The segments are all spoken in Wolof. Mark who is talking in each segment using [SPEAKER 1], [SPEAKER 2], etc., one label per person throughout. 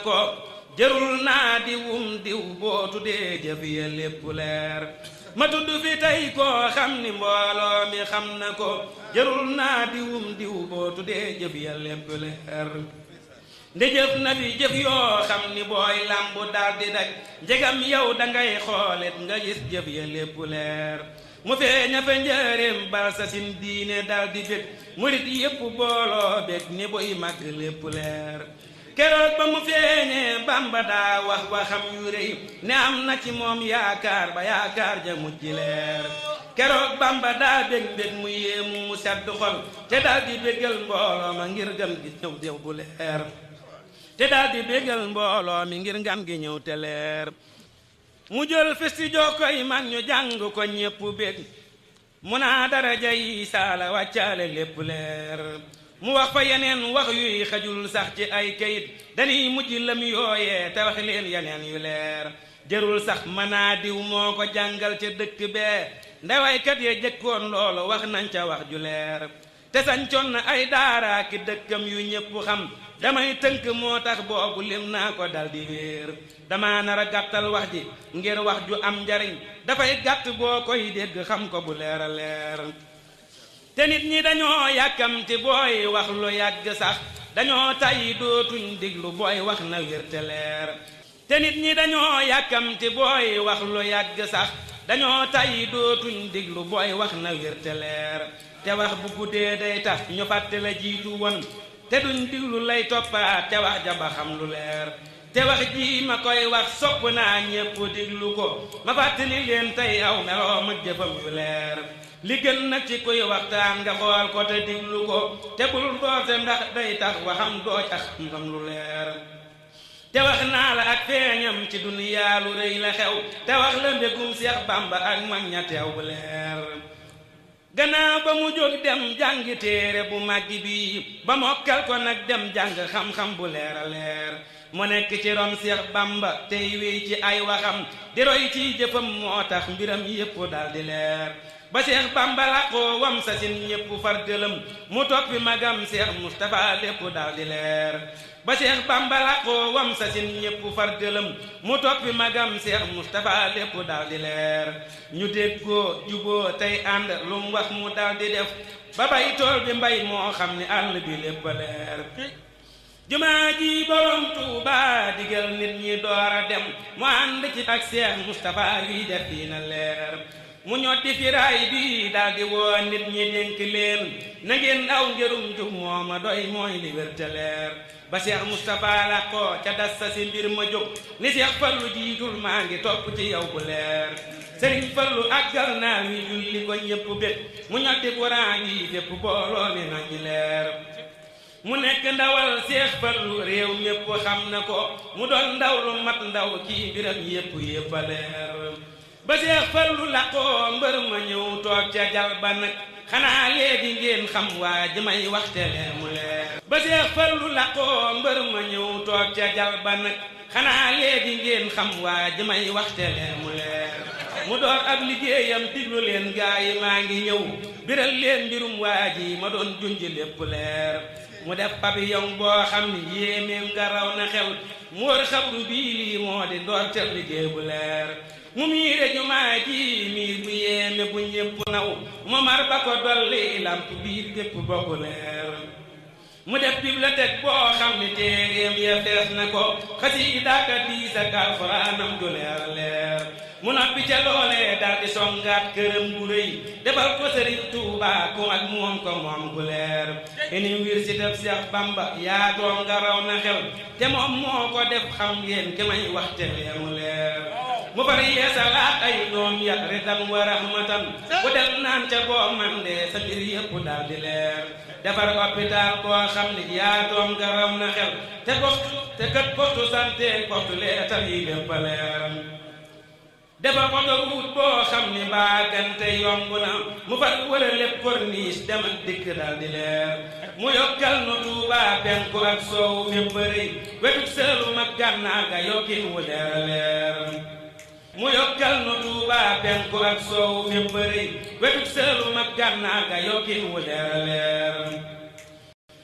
[SPEAKER 1] ko jërul naa diwum diw boo tuddee jëf ya lépp leer ma tudd fi tey koo xam ni mbooloo mi xam na ko jërul naa diwum diw boo tuddee jëf ya lépp leer nde jëf na fi jëf yoo xam ni booy làmb dal di njegam yow dangay xoolet nga gis jëf ya lépp leer mu feeña fa njëreem bal sa sin diine dal di yépp booloo bég ni buy màgg lépp leer keroog ba mu feeñee bamba wax waxam yu rëy ne am na ci moom yaakaar ba yaakaar mujj leer keroog bamba daa bég mu yéemu sedd xol te daal di bégal ngir gam gi ñëw dew bu leer te daal di bégal ngir ngam gi ñëw te leer mu jël fi si mag ñu jàng ko ñépp bég mu naa daraja yi saala wàccaale lépp leer mu wax fa yeneen wax yuy xajul sax ci ay kayit dañuy mujj lam yooyee te wax leen yeneen yu leer jërul sax naa diw moo ko jàngal ca dëkk bee ndewaykat ya jëkkoon loolu wax nañ ca wax ju leer te sañcoon na ay daaraa ki dëkkam yu ñépp xam damay tënk moo tax boobu lim naa ko dal di wéer dama nar a gàttal wax ji ngir wax ju am njariñ dafay gàtt boo koy dégg xam ko bu leer a leer te nit ñi dañoo yàkkamti booy wax lu yàgg sax dañoo tàyyi dootuñ diglu booy wax na wér te leer te nit ñi dañoo yàkkamti booy wax lu yàgg sax dañoo tàyyi dootuñ diglu booy wax na wér te leer te wax bu guddee day tax ñu fàtte la jiitu woon te duñ diglu lay toppaat te wax ja lu leer te wax ji ma koy wax sopp naa ñépp diglu ko ma fàttali leen tey aw meloo ma jëfam leer li gën nag ci kuy waxtaan nga xool ko te diglu ko te bul doose ndax day tax waxam doo tax ngam lu leer te wax naa la ak feeñam ci duniyaa lu rëy la xew te wax la mbégum Seex Bàmba ak mag ña teew bu leer gannaaw ba mu jóg dem jàngi téere bu màgg bii ba mokkal ko nag dem jàng xam-xam bu leer a leer mu nekk ci ron Seex Bàmba tey wéy ci ay waxam di roy ciy jëfam moo tax mbiram yépp dal di leer ba Seex Bamba la ko wam sa sin ñépp far jëlëm mu toppi magam Seex Mustapha lépp daal di leer ba Seex Bamba la ko wam sa sin ñépp far jëlëm mu toppi magam Seex Mustapha lépp daal leer ñu déggoo juboo tey ànd lu wax mu daal di ba bay tool bi mbay moo xam ni àll bi lépp leer jumaa ji borom Tuuba digal nit ñi door dem mu ànd ci ak Seex Mustapha luy def leer mu ñotti firaay bi daldi woo nit ñi dénk leen aw ngirum jub moo ma doy mooy li wér te leer ba Cheikh Moustapha ko ca dassa si mbir ma jóg ni Cheikh Fallu jiitul maa ngi topp ci yow bu leer Sëriñ Fallu àggal naa wi julli ko ñépp bét mu ñotti courant yi fépp booloo ne leer mu nekk ndawal Cheikh Fallu réew mépp xam na ko mu doon ndaw lu mat ndaw kii mbiram yépp leer ba seex fallu laqoo mbër ma ñëw toog ca jal ba nag xanaa léegi ngeen xam waa ji may waxtele mu leer ba seex fallu laqoo mbër ma ñëw toog ca jal nag xanaa léegi ngeen xam waa ji may waxtele mu leer mu door ab liggéeyam diglu leen gaa maa ngi ñëw biral leen mbirum waa ji ma doon junj lépp leer mu def papillon boo xam yéemeem nga na xel mu war xabru bii lii moo di door teel liggéey bu leer mu miire jumaa ji miir bu yéeme bu ñépp naw mu mar ba ko dolli lamp biir gépp bokku leer mu def bibliothèque boo xam ni téeréem ya fees na ko xasi i daaka dii sa kalxuraanam du leer leer mu noppi ca loolee daal di songaat këram bu rëy defal ko sëriñ Tuuba ku ak moom ko moom gu leer ini wir si def Seex Bamba yaa doom nga na xel te moom moo ko def xam ngeen ki may wax te mu leer
[SPEAKER 2] mu bari yeesalaat
[SPEAKER 1] ay noom ya ridan wa rahmatan ku del naan ca boo man de sa mbir yëpp daal di leer defar hôpital koo xam ni yaa doom nga na xel te bopp te kat bopp santé bopp leetal yi lépp leer dafa ko doon wut boo xam ni mbaagante yomb na mu far wala lépp corniche dem ak dikk daal di leer mu yokkal nu tuubaa penku ak soow fépp bëri wetu sëlu mag gànnaar ga yokkin wu leer a leer mu yokkal nu tuubaa penku ak soow fépp bëri wetu sëlu mag ga yokkin wu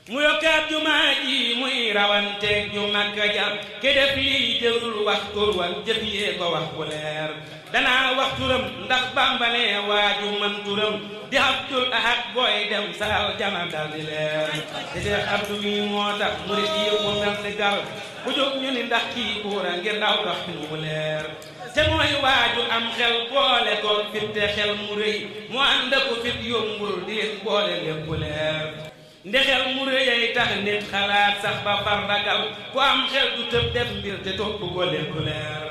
[SPEAKER 1] mu yokkaat jumaa ji muy rawanteeg ju màgg ja ke def lii jërul wax wa jëf yee ko wax bu leer danaa wax turam ndax bàmbalee waaju man turam di Abdul Ahad booy dem saal jana dal leer te de abdu mi moo tax murit yi mu mel ni gar bu jóg ñu ni ndax kii kuura ngir daw dox mu leer te waaju am xel boole ko fit te xel mu rëy mu ànd ko fit yombul di boole lépp leer ndexel mu rëyay tax nit xalaat sax ba far ragal ku am xel du tëb def mbir te topp ko lépp leer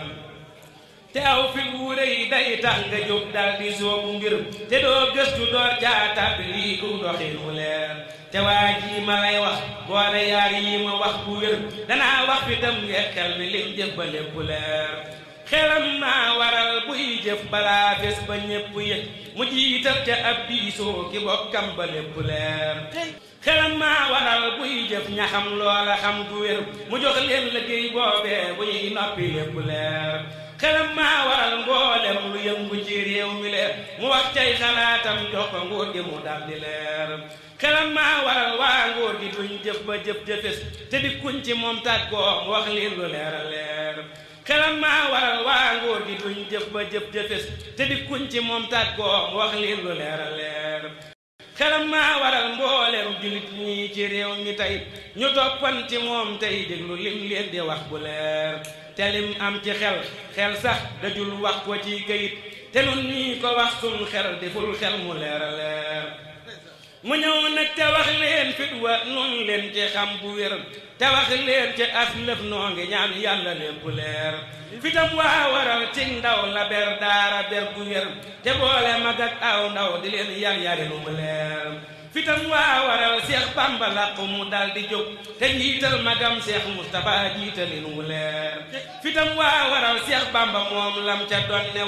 [SPEAKER 1] te aw fi wu day tax nga jóg dal di soobu mbir te doo gëstu door jaatab lii ku doxin wu leer te waa jii ma lay wax boole yaar yi ma wax bu wér danaa wax fi tam ngee xel ni lim jëf ba lépp leer xelam naa waral buy jëf balaa bés ba ñépp yëg mu jiital ca ab diisoo ki bokkam ba lépp leer xelam maa waral buy jëf ñaxam loola xam gu wér mu jox leen liggéey boobee buy noppi lépp leer xelam maa waral mboolem lu yëngu ci mi leer mu wax cay xalaatam jox ko nguur gi mu dal di leer xelam maa waral waa nguur gi duñ jëf ba jëf-jëfes te di kuñ ci moom tàggoo mu wax leen lu leer a xelam maa waral mbooleem julit ñii ci réew mi tey ñu toppanti moom tey déglu lim leen di wax bu leer te lim am ci xel xel sax dajul wax ko ci këyit te noon ñii ko wax sum xel deful xel mu leer a leer mu ñëw nag te wax leen fit wa noonu leen ci xam bu wér te wax leen ci as lëf noo ngi ñaan yàlla lépp leer fitam waa waral ci ndaw la ber daara ber bu wér te boole mag ak aw ndaw di leen yar yari lu mu leer fitam waa waral seex bamba làqu mu daal jóg te njiital magam seex mustapha jiitalin wu leer fitam waa waral seex bamba moom lam ca doon ne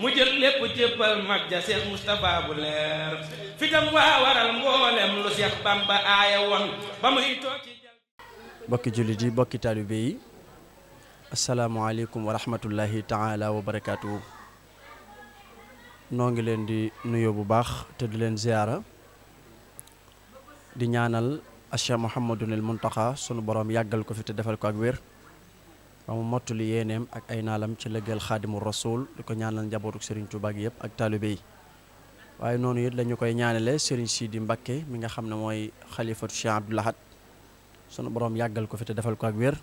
[SPEAKER 1] mu jël lépp jébbal mag ja seex mustapha bu leer fitam waa waral mboolem lu seex bamba aaya woon ba muy toog ci
[SPEAKER 2] bokki jullit yi bokki taalibe yi asalaamaaleykum wa rahmatullahi taala noo ngi leen di nuyoo bu baax te di leen ziyaara di ñaanal Cheikh Mouhamadunil Mountakha sunu boroom yàggal ko fi te defal ko ak wér ba mu mottali yéeneem ak ay naalam ci lëggal xaadimu rasul di ko ñaanal njabootu Serigne Touba gi yëpp ak taalibe yi waaye noonu it la ñu koy ñaanale si di Mbacké mi nga xam ne mooy xalifa Cheikh Abdoul Ahad sunu borom yàggal ko fi te defal ko ak wér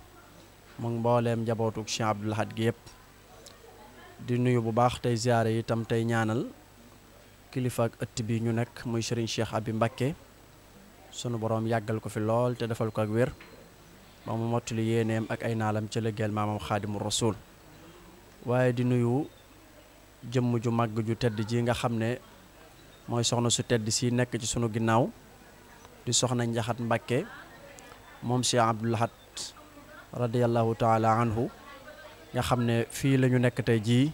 [SPEAKER 2] mu mbooleem njabootu Cheikh Abdoul Ahad gi yëpp di nuyu bu baax tey ziare itam tey ñaanal kilifa ak bi ñu nekk muy Serigne Cheikh Abi sunu boroom yàggal ko fi lool te defal ko ak wér ba mu mottali yéeneem ak ay naalam ci liggéeyal maamam xaadimu rasul waaye di nuyu jëmm ju màgg ju tedd ji nga xam ne mooy soxna su tedd si nekk ci sunu ginnaaw di soxna njaxat mbàkke moom si Abdou Lahad radiyallahu taala anhu nga xam ne fii lañu nekk tey jii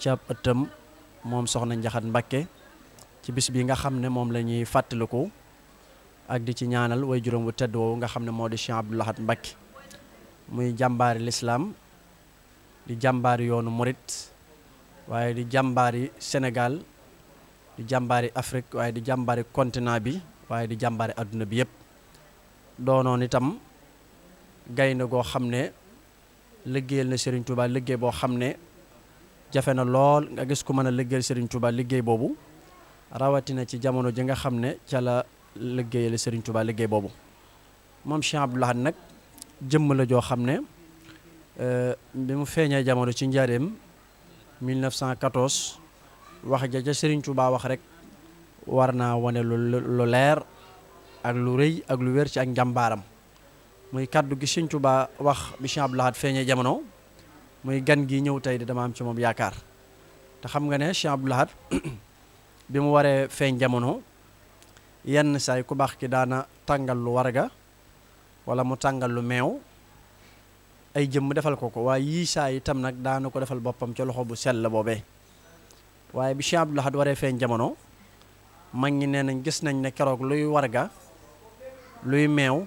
[SPEAKER 2] ci ëttam moom soxna njaxat mbàkke ci bis bi nga xam ne moom lañuy ñuy fàttaliku ak di ci ñaanal way juróom wu tedd woowu nga xam ne moo di Cheikh Abdou Lahad Mbacké muy jàmbaari lislaam di jàmbaari yoonu morit waaye di jàmbaari Sénégal di jàmbaari Afrique waaye di jàmbaari continent bi waaye di jàmbaari àdduna bi yëpp doonoon itam gaynde goo xam ne liggéeyal na Serigne Touba liggéey boo xam ne jafe na lool nga gis ku mën a liggéeyal Serigne liggéey boobu rawatina ci jamono ji nga xam ne ca la liggéeyale Serigne Touba liggéey boobu moom Cheikh Abdoul nag jëmm la joo xam ne euh, bi mu feeñee jamono ci njaareem 1914 wax ja ca Serigne Touba wax rek war naa wane lu leer ak lu rëy ak lu weer ci ak njàmbaaram muy kàddu gi Serigne Touba wax bi Cheikh Abdoul feeñee jamono muy gan gi ñëw tey di dama am ci moom yaakaar te xam nga ne Cheikh Abdoul bi mu waree feeñ jamono. yenn saay ku baax ki daana tàngal lu warga wala mu tàngal lu meew ay jëmm defal ko ko waaye yii saa itam nag daana ko defal boppam ca loxo bu la boobee waaye bi Cheikh Abdoul Ahad waree feeñ jamono mag ñi nee nañ gis nañ ne keroog luy warga luy meew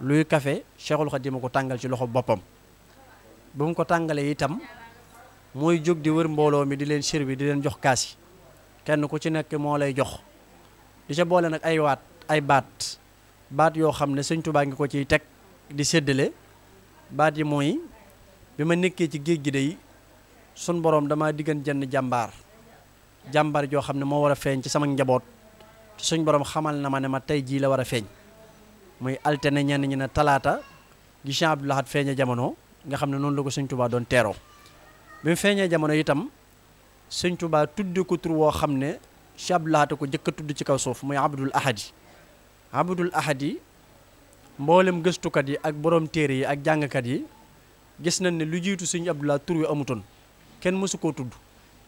[SPEAKER 2] luy kafe Cheikhul Khadim ko tàngal ci loxo boppam bu mu ko tàngalee itam mooy jóg di wër mbooloo mi di leen sir di leen jox kaas yi kenn ku ci nekk moo lay jox di ca boole nag ay waat ay baat baat yoo xam ne sëñ Tuubaa ngi ko ciy teg di séddale baat yi mooy bi ma nekkee ci géej gi day sun boroom dama diggan jenn jàmbaar jàmbaar joo xam ne moo war a feeñ ci sama njaboot te suñ boroom xamal na ma ne ma tey jii la war a feeñ muy altine ñenn ñi ne talaata gi Cheikh Abdou Lahad jamono nga xam ne noonu la ko sëñ Tuubaa doon teeroo bi mu feeñee jamono itam sëñ Tuubaa tudde ko tur woo xam ne Cheikh Abdou Lahad ko njëkk tudd ci kaw suuf muy Abdul Ahadi Abdul Ahadi mboolem gëstukat yi ak boroom téere yi ak jàngkat yi gis na ne lu jiitu si Abdou Lahad tur wi amutoon kenn mësu koo tudd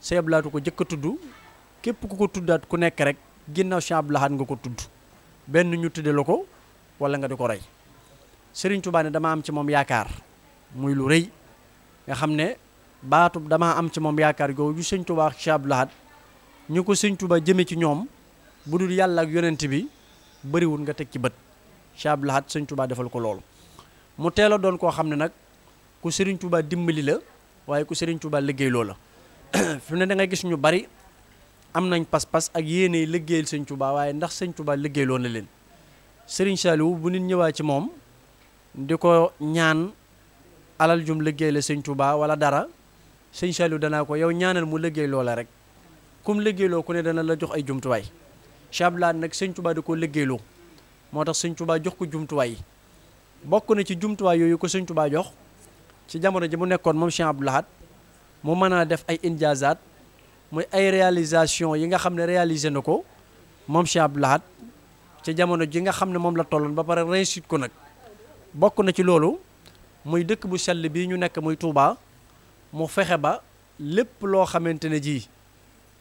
[SPEAKER 2] Cheikh Abdou Lahad ko njëkk a tudd képp ku ko tuddaat ku nekk rek ginnaaw Cheikh Abdou Lahad nga ko tudd benn ñu tudde la ko wala nga di ko rey Serigne Touba ne dama am ci moom yaakaar muy lu rëy nga xam ne baatub damaa am ci moom yaakaar googu ju sëñ Touba Cheikh Abdou Lahad ñu ko sëñ Tuuba jëme ci ñoom bu dul yàlla ak yonent bi bëriwul nga teg ci bët Cheikh Abdou sëñ Tuuba defal ko loolu mu teel a doon koo xam ne nag ku sëriñ Tuuba dimbali la waaye ku sëriñ Tuuba liggéey loo la fi ne da nga gis ñu bari am nañ pas-pas ak yéene liggéeyal sëñ Tuuba waaye ndax sëñ Tuuba liggéey loo na leen sëriñ Saliou bu nit ñëwaa ci moom di ko ñaan alal jum liggéey la sëñ Tuuba wala dara sëñ Saliou danaa ko yow ñaanal mu liggéey loola rek comme liggéeyloo ku ne dana la jox ay jumtuwaay Cheikh Abdou Lahad nag sëñ Tuubaa da koo liggéeyloo moo tax sëñ Tuubaa jox ko jumtuwaay yi bokk na ci jumtuwaay yooyu ko sëñ Tuubaa jox ci jamono ji mu nekkoon moom Cheikh Abdou mën a def ay injaazaat muy ay réalisation yi nga xam ne réalisé na ko moom Cheikh Abdou jamono ji nga xam ne moom la tolloon ba pare réussite ko nag bokk na ci loolu muy dëkk bu sell bii ñu nekk muy Touba mu fexe ba lépp loo xamante ne jii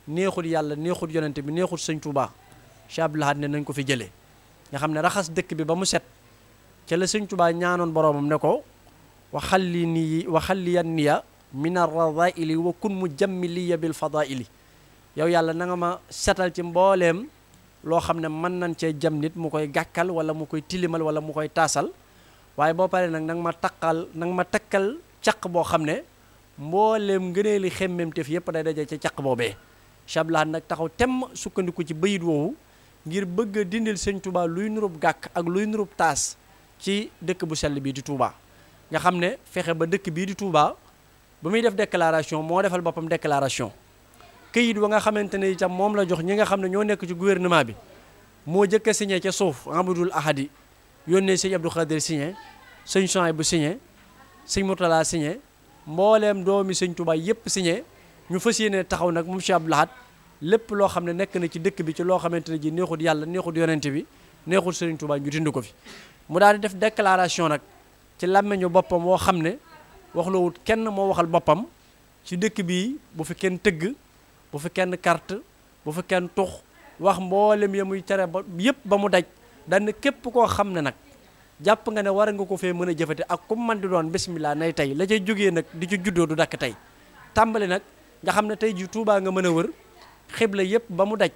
[SPEAKER 2] neexul yàlla neexul yonente bi neexul sëñ Touba Cheikh Abdoul Ahad ne nañ ko fi jëlee nga xam ne raxas dëkk bi ba mu set ca la sëñ Touba ñaanoon boroomam ne ko waxal li nii waxal li yan niya min arradaili wa kun mu jammi liya bil fadaili yow yàlla na nga ma setal ci mbooleem loo xam ne mën nañ cee jam nit mu koy gàkkal wala mu koy tilimal wala mu koy taasal waaye boo paree nag na ma taqal nanga ma takkal caq boo xam ne mbooleem ngëneeli xemmemteef yépp day daje ca caq boobee Chablaat nag taxaw temm sukkandiku ci bayit woowu ngir bëgg dindil sëñ Touba luy nurub gàkk ak luy nurub taas ci dëkk bu sell bii di Touba. nga xam ne fexe ba dëkk bii di Touba ba muy def declaration moo defal boppam declaration këyit wa nga xamante ne itam moom la jox ñi nga xam ne ñoo nekk ci gouvernement bi moo jëkk a ca suuf Amadou Ahadi yónnee sëñ Abdou Khadir signé sëñ Chouaïbou signé sëñ Mourtala signé mbooleem doomi sëñ Touba yépp signé. ñu fas yéene taxaw nag moom Cheikh Abdou Lahad lépp loo xam ne nekk na ci dëkk bi ci loo xamante ne ji neexut yàlla neexut yonente bi neexut Serigne Touba ñu dindi ko fi mu daal di def déclaration nag ci làmmeñu boppam woo xam ne waxloowut kenn moo waxal boppam ci dëkk bi bu fi kenn tëgg bu fi kenn carte bu fi kenn tux wax mboolem ya muy tere ba yëpp ba mu daj dana képp koo xam ne nag jàpp nga ne war nga ko fee mën a jëfate ak ku man di doon bismillah nay tey la cay jógee nag di ci juddoo du dakk tey tàmbali nag nga xam ne tey jii Touba nga mën a wër xibla yëpp ba mu daj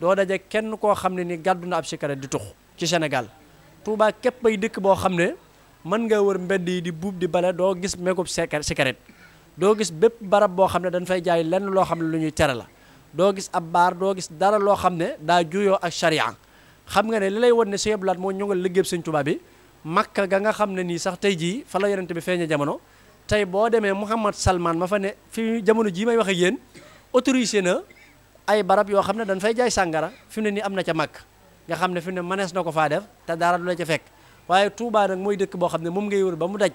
[SPEAKER 2] doo daje kenn koo xam ne ni gàddu na ab sikara di tux ci Sénégal Touba képp bay dëkk boo xam ne mën nga wër mbedd yi di buub di bale doo gis mégub cigarette doo gis bépp barab boo xam ne dañ fay jaay lenn loo xam ne lu ñuy tere la doo gis ab baar doo gis dara loo xam ne daa juyoo ak charia xam nga ne li lay won ne Sëñ Abdou Lahad moo ñongal liggéeyam Sëñ tubaab bi Makka ga nga xam ne nii sax tey jii fa la yonent bi feeña jamono tey boo demee Mouhamad Salman ma fa ne fi jamono jii may wax ak yéen autorisé na ay barab yoo xam ne dañ fay jaay sàngara fi mu ne nii am na ca màkk nga xam ne fi ne mënees na ko faa def te dara du la ca fekk waaye Touba nag mooy dëkk boo xam ne moom ngay wër ba mu daj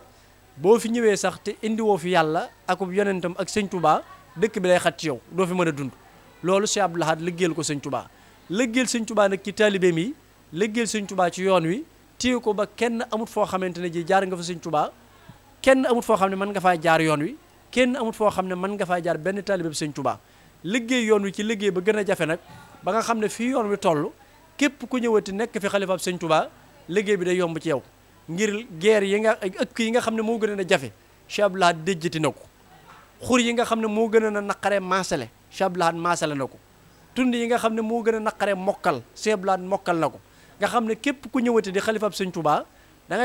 [SPEAKER 2] boo fi ñëwee sax te indiwoo fi yàlla akub yonentam ak sëñ Touba dëkk bi lay xat ci yow doo fi mën a dund loolu Cheikh Abdou Lahad liggéeyal ko sëñ Touba liggéeyal sëñ Touba nag ci taalibeem yi liggéeyal sëñ Touba ci yoon wi téye ko ba kenn amut foo xamante ne ji jaar nga fa sëñ kenn amut foo xam ne mën nga faa jaar yoon wi kenn amut foo xam ne man nga faa jaar benn taalibe bi sëñ liggéey yoon wi ci liggéey ba gën a jafe nag ba nga xam ne fii yoon wi toll képp ku ñëwati nekk fi xalifaab sëñ Tuubaa liggéey bi day yomb ci yow ngir guerre yi nga ëkk yi nga xam ne moo gën a jafe Cheikh Abdou déjjati na ko xur yi nga xam ne moo gën a naqare maasale Cheikh Abdou Lahad maasale na ko tund yi nga xam ne moo gën a naqare mokkal Cheikh mokkal na ko nga xam ne képp ku ñëwati di xalifaab sëñ Tuubaa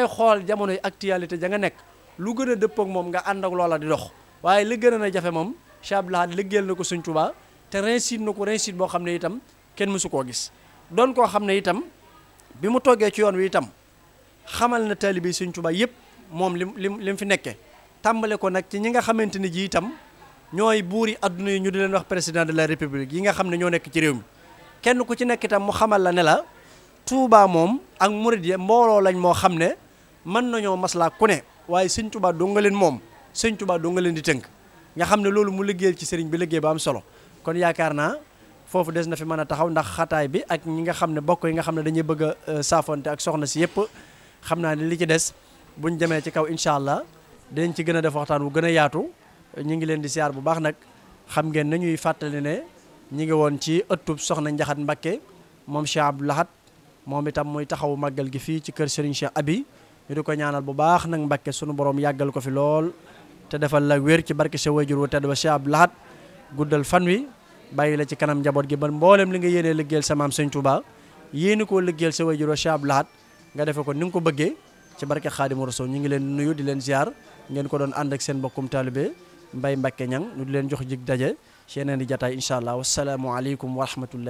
[SPEAKER 2] xool jamonoy actualité ja nga nekk lu gën a dëppook moom nga ànd ak loola di dox waaye li gën a na jafe moom Cheikh Abdoul Ahad liggéeyal na ko Sëñ Tuubaa te réussite na ko réussite boo xam ne itam kenn mësu koo gis doon koo xam ne itam bi mu toggee ci yoon wi itam xamal na taalibe yi Sëñ Tuubaa yëpp moom lim lim lim fi nekkee tàmbale ko nag ci ñi nga xamante ni ji itam ñooy yi adduna yi ñu di leen wax président de la république yi nga xam ne ñoo nekk ci réew mi kenn ku ci nekk itam mu xamal la ne la Touba moom ak murid ya mbooloo lañ moo xam ne mën nañoo maslaa ku ne waaye sëñ tubaat doo nga leen moom sëñ Touba doo nga leen di tënk nga xam ne loolu mu liggéeyal ci sëriñ bi liggéey ba am solo kon yaakaar naa foofu des na fi mën a taxaw ndax xataay bi ak ñi nga xam ne bokk yi nga xam ne dañuy bëgg a euh, soxna si yëpp xam naa ne li ci des buñ demee ci kaw incha allah dinañ ci gën a def waxtaan wu gën a yaatu ñu ngi leen di siyaar bu baax nag xam ngeen nañuy fàttali ne ñi ngi woon ci ëttub soxna Njaxat Mbakke moom Cheikh Abdou Lahad moom itam muy taxaw màggal gi fii ci kër Serigne Cheikh Abi ñu di ko ñaanal bu baax nag mbakke sunu borom yàggal ko fi lool te defal la wér ci barke sa wayjur wu tedd ba Cheikh Abdou guddal fan wi bàyyi la ci kanam njaboot gi ba mboolem li nga yéenee liggéeyal sa maam Sëñ Touba yéeni koo liggéeyal sa wayjur wa Cheikh nga defe ko ni nga ko bëggee ci barke Xaadimu Rasuul ñu ngi leen nuyu di leen ziar ngeen ko doon ànd ak seen mbokkum taalibe mbay Mbàkke ñan ñu di leen jox jig daje ci yeneen di jataay incha allah wasalaamualeykum wa fitam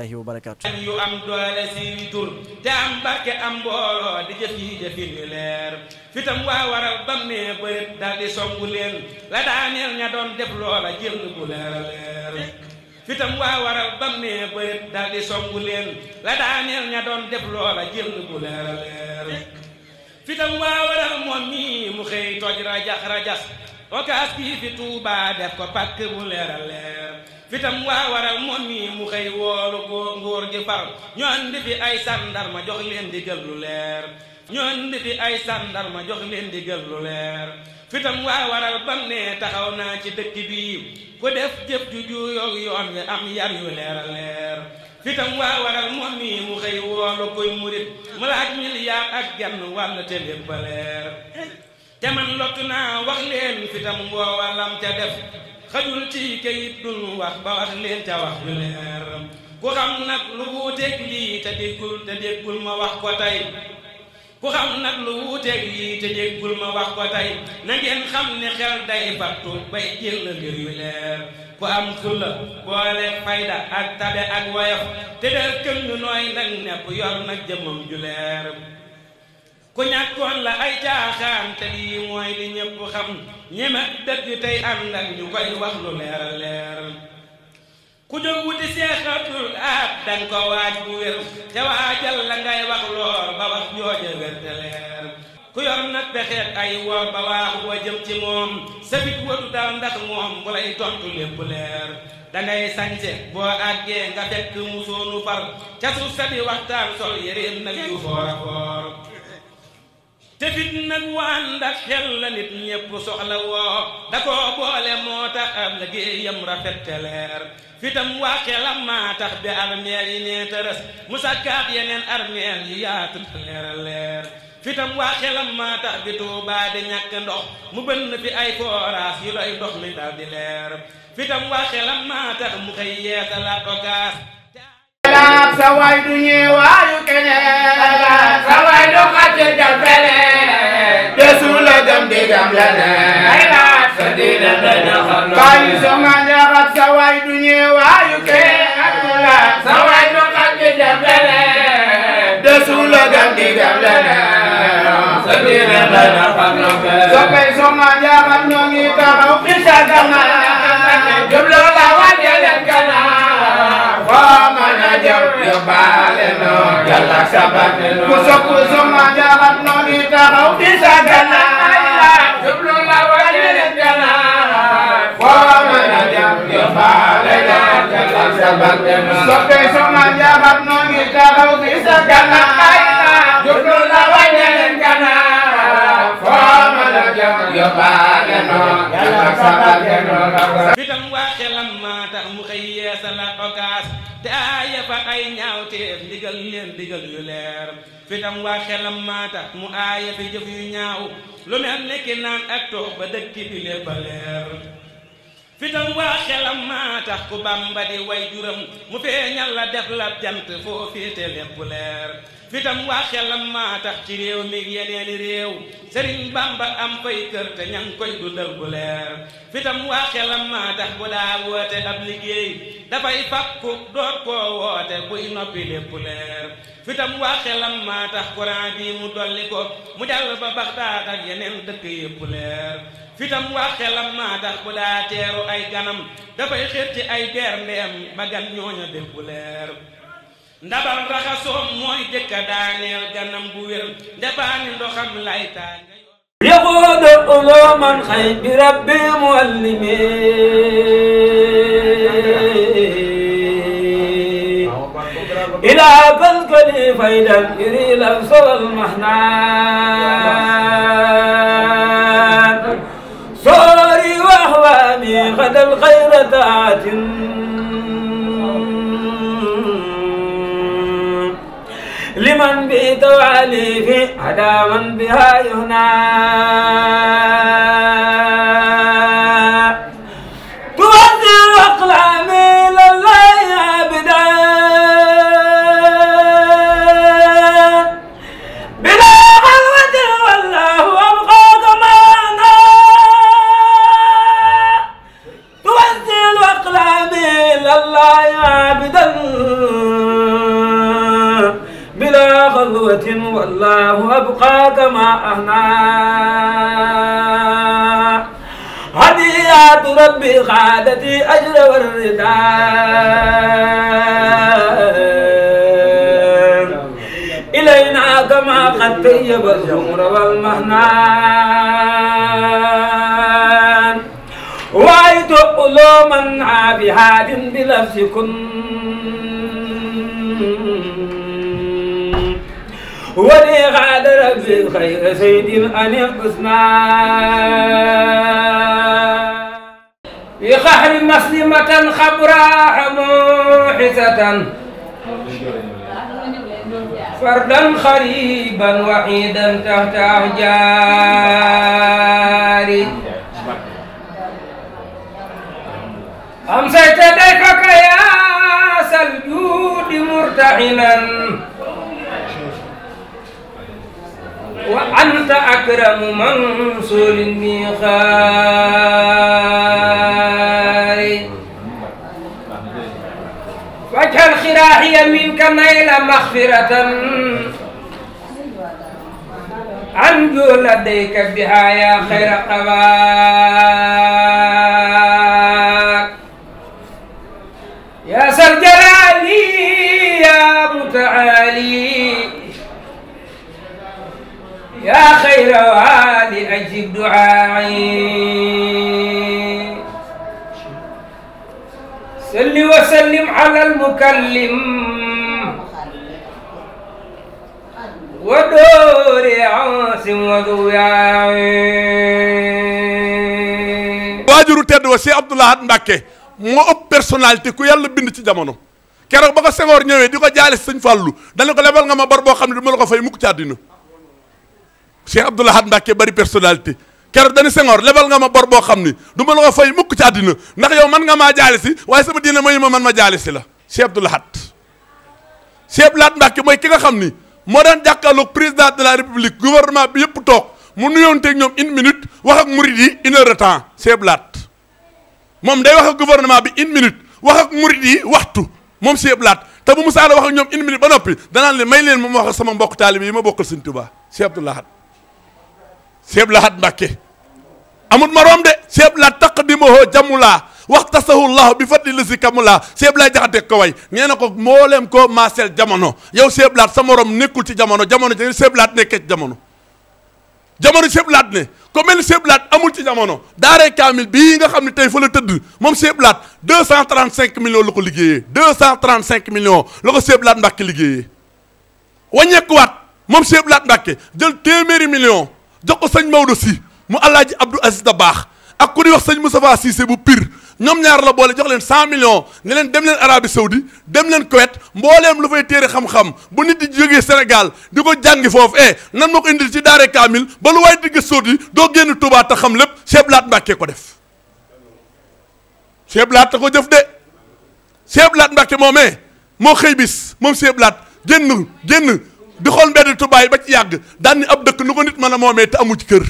[SPEAKER 1] waa waral bam ne bërit dal la daaneel ña doon def loola jënd bu leer a fitam waa waral bam ne bërit dal la daaneel ña doon def loola jënd bu leer a fitam waa waral moom mii toj rajax rajax okaas kii fi Touba def ko pàkk bu leer a leer fitam waa waral moom mii mu xëy woolu góor nguur gi far ñu andi fi ay sàndarma jox leen di gël lu leer ñu jox leen di gël lu leer fitam waa waral bam ne taxaw naa ci dëkk bii ku def jëf ju juuyoog yoon wi am yar yu leer leer fitam waa waral moom mii mu xëy woolu koy murit mu laaj milliard ak genn wàll te lépp a leer te man lottu naa wax leen fi tam woowa lam ca def xajul ci kayit dul wax ba wax ca wax ju leer ku xam nag lu wuuteeg lii te déggul te déggul ma wax ko tey ku xam nag lu wuuteeg lii te déggul ma wax ko tey na xam ne xel day fattu bay jël la yu leer ku am fulla boole fayda ak tabe ak woyof te del këng nooy nag nepp yor nag jëmmam ju leer ku ñàkkoon la ay caaxaan te lii mooy li ñépp xam ñeme dëgg tey ànd ak ñu koy wax lu leer leer ku jóg wuti seexatul aat danga ko waaj bu wér te waajal la ngay wax loor ba wax jooja wér te leer ku yor nag pexeet ay woor ba waaxu wa jëm ci moom sabit wadu daal ndax moom bu lay tontu lépp leer dangay sañse boo àggee nga fekk musoonu far ca suuf di waxtaan sol yëréen nag yu foor foor te fit nag wu ànd ak xel la nit ñépp soxla woo da koo boole moo tax ab liggéeyam rafet te leer fitam waa xelam maa tax bi armeel yi nee tërës mu sàkkaat yeneen armeel yi yaatu te leer a leer fitam waa xelam maa tax bi tuubaa di ñàkk ndox mu bënn fi ay fooraas yu lay ndox mi dal di leer fitam waa xelam maa tax mu xëy yeesalaat ko gaas. sa waay du ñëwaayu keneen
[SPEAKER 3] لنا قال سما
[SPEAKER 1] دغت سوايد
[SPEAKER 3] نيوايك أكلا سوايد قد بدم لنا دسول قد بدم لنا سبينا لنا قبلك سبي
[SPEAKER 1] سما دغت نومي تغو قشتنا جملة لا وجلت كنا ومن جب يبالنا جل سبتنا كسو كسو ما دغت نومي تغو قشتنا fitam waa xelam maa tax mu xëy yeesa la okaas te aaya fa ay ñaawteef ndigal leen digal yu leer fitam waa xelam maa tax mu aaya fi jëf yu ñaaw lu mel nekki naan ak toog ba dëkk bi lépp a leer fitam waa xelam maa tax ku bàmba di way juram mu feeñal la def la jant foo féete lépp leer fitam waa xelam maa tax ci réew mi yeneeni réew sëriñ bamba am fay kër te ñan koy dundal bu leer fitam waa xelam maa tax bu laa woote ab liggéey dafay fakku door koo woote buy noppi lépp leer fitam waa xelam maa tax courant bi mu dolli ko mu jàll ba baxdaat ak yeneen dëkk yépp leer fitam waa xelam maa tax bu daa teeru ay ganam dafay xir ci ay beer ndeem ba gan ñooña dépp leer ndabal raxasoom mooy jëkka daaneel ganam bu wér ndebaani
[SPEAKER 3] ndoxam lay taa nga yoon yaxuudu ulooman xay bi rabbi muallimi ilaa balkani faydan iril am لمن به توالي في عدا من بها يهنى خاتما أهنا هديات ربي خادتي أجر والرداء إلينا كما قد طيب الزمر والمهنان وأيت علوما بهاد بلفظ كن ولغاد ربي خير سيد أن الحسنى بخحر مسلمة خبرا حموحسة فردا خريبا وحيدا تحت أحجاري أمسيت ضيفك يا سلجود مرتحنا وأنت أكرم منصور بخاري واجعل خراحي منك نيل مغفرة أنجو لديك بها يا خير قبائل yaa xayra waali ajib duaai salli wa sallim ala almukallim wa doori aasim wa duyaai
[SPEAKER 4] waajuru tedd wa si Abdoulahat Mbàkke moo ëpp personnalité ku yàlla bind ci jamono keroog ba ko Senghor ñëwee di ko jaale Sëñ Fàllu dañu ko lebal nga ma bor boo xam ne du ma la ko fay mukk ci àddina Cheikh Abdoul Ahad Mbacké bari personnalité keroog dañu Senghor lebal nga ma bor boo xam ni du ma la ko fay mukk ci àddina ndax yow man nga maa jaale si waaye sama diina mayu ma man ma jaale si la Cheikh Abdoul Ahad Cheikh Abdoul Ahad mooy ki nga xam ni moo daan jàkkaarloog président de la république gouvernement bi yëpp toog mu nuyoonteeg ñoom une minute waxak ak murid yi une heure de temps Cheikh moom day wax ak gouvernement bi une minute wax ak murid yi waxtu moom Cheikh Abdoul Ahad te bu wax ak ñoom une minute ba noppi danaan li may leen wax ak sama mbokk yi ma bokkal Sëñ Tuubaa Cheikh Abdoul seeb lahat mbàkke amut moroom de seeb la taqdimahu jamula waxtasahu llahu bi fadli la si kamula seeb lay jaxate ko way na ko mbooleem koo maaseel jamono yow seeb laat sa morom nekkul ci jamono jamono ci seeb laat jamono jamono seeb laat ne ko mel ni seeb laat amul ci jamono daaree kaamil bii nga xam ne tey fa la tëdd moom seeb laat deux cent trente cinq millions la ko liggéeyee deux cent trente cinq millions la ko seeb laat mbàkke liggéeyee waññeekuwaat moom seeb laat jël téeméeri millions jox ko sëñ Maodo si mu alaaji Abdou Aziz da baax ak ku di wax sëñ Moustapha Cissé bu pire ñoom ñaar la boole jox leen cent million ne leen dem leen Arabie Saoudi dem leen Kuwait mbooleem lu fay téere xam-xam bu nit di jógee Sénégal di ko jàngi foofu eh nan ma ko indi si daare kaamil ba lu waay digg Saoudi doo génn Touba te xam lépp Cheikh Laat Mbàkke ko def Cheikh Laat ta ko jëf de Cheikh Laat Mbàkke moomee moo xëy bis moom Cheikh Laat génn génn di xool mbedd tubaay ba ci yàgg daan ni ab dëkk lu ko nit mën a moomee te amu ci kër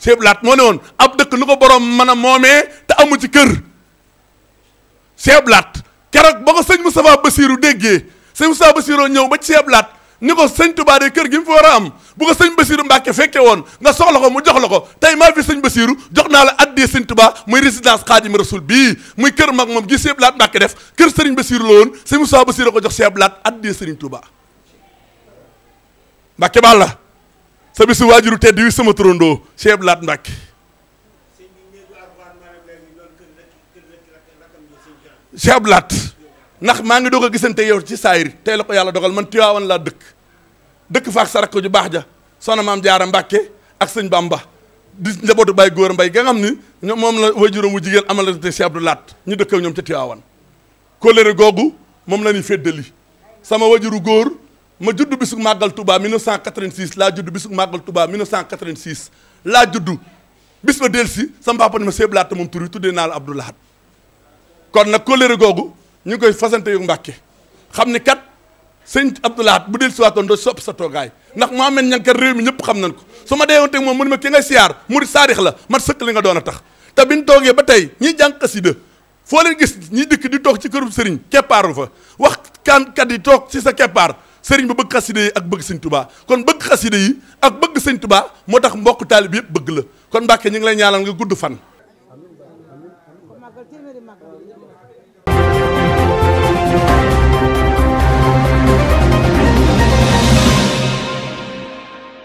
[SPEAKER 4] Cheikh moo ne woon ab dëkk lu ko borom mën a moomee te amu ci kër Cheikh Laat keroog ba ko sëñ Moustapha Bassirou déggee sëñ Moustapha Bassirou ñëw ba ci Cheikh Laat ni ko sëñ kër gi mu fa war a am bu ko sëñ Bassirou Mbacke fekke woon nga soxla ko mu jox la ko tey maa fi sëñ Bassirou jox naa la addee sëñ Touba muy résidence Xaadim Rasul bii muy kër mag moom gi Cheikh Laat Mbacke def kër sëriñ Bassirou la woon sëñ Moustapha Bassirou ko jox Cheikh Laat addee sëriñ tubaa Mbàkke baal la sa bisu waajuru tedd wi sama turandoo Cheikh Abdou Lahad Mbàkke Cheikh Abdou ndax maa ngi doog ko gisante yow ci saayir tey la ko yàlla dogal man Tiwaawan laa dëkk dëkk faak sa rakk ju baax ja soxna maam Jaara Mbàkke ak sëñ Bamba di njabootu Baay Góor Mbay ga xam ni ñoom moom la waajuram wu jigéen amal te Cheikh laat ñu dëkk ak ñoom ca Tiwaawan kóllëre googu moom la ñuy féddali sama waajuru góor ma juddu judd bisu màggal Touba 1986 laa judd bisu màggal Touba 1986 laa judd bis ba dellusi sama papa ni ma Sèye Blatt moom tur yi tuddee naa la Abdou kon nag kóllëre googu ñu koy fasante yu Mbàkke xam ni kat sëñ Abdou Lahad bu dellusiwaatoon doo sopp sa toogaay ndax Mohamed Niang kat réew mi ñëpp xam nañ ko su ma deewoon teg moom mu ne ma ki ngay siyaar murid saadix la ma sëkk li nga doon a tax te biñ toogee ba tey ñiy jàng xasida foo leen gis ñi dikk di toog ci këru sëriñ keppaaru fa wax kan kat yi toog ci sa keppaar. sëriñ ba bëgg xasida yi ak bëgg sëñ tubaa kon bëgg xasida yi ak bëgg sëñ tubaa moo tax mbokk taalib yëpp bëgg la kon Mbàkke ñu ngi lay ñaanal nga gudd fan